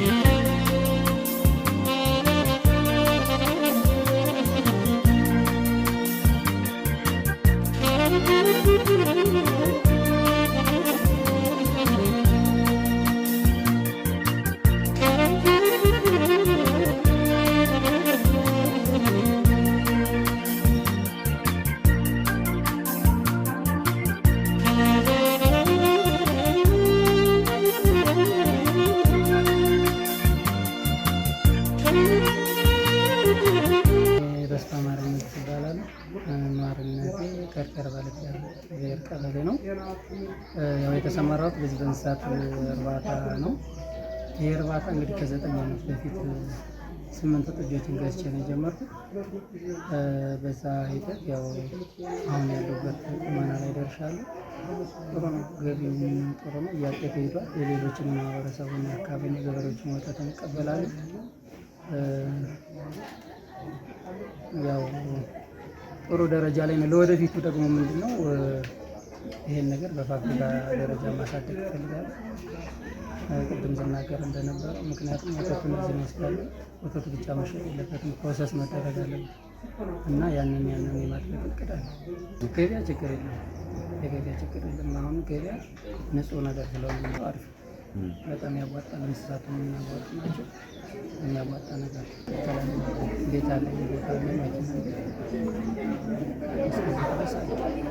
Thank you. ተስፋ ማርነት ይባላል። ነዋሪነቴ ከርከር ባለእግዚአብሔር ብሔር ቀበሌ ነው። ያው የተሰማራሁት በዚህ በእንስሳት እርባታ ነው። ይህ እርባታ እንግዲህ ከዘጠኝ ዓመት በፊት ስምንት ጥጆችን ገዝቼ ነው የጀመርኩት። በዛ ሂደት ያው አሁን ያለበት ቁመና ላይ ደርሻለሁ። ጥሩ ነው፣ ገቢውም ጥሩ ነው፣ እያደገ ሄዷል። የሌሎችን ማህበረሰቡን አካባቢ ገበሬዎችን ወተት እንቀበላለን። ያው ጥሩ ደረጃ ላይ ነው። ለወደፊቱ ደግሞ ምንድን ነው ይሄን ነገር በፋብሪካ ደረጃ ማሳደግ ይፈልጋል። ቅድም ስናገር እንደነበረው ምክንያቱም ወተቱን ዝን መስላለ ወተቱ ብቻ መሸጥ የለበትም፣ ፕሮሰስ መደረግ አለበት እና ያንን ያንን የማድረግ እቅድ አለ። ችግር የለም፣ የገቢያ ችግር የለም። አሁን ገበያ ንጹህ ነገር ስለሆነ አሪፍ በጣም ያዋጣ ለእንስሳት የሚያዋጡ ናቸው። የሚያዋጣ ነገር ቤት አለ ቤት አለ መኪና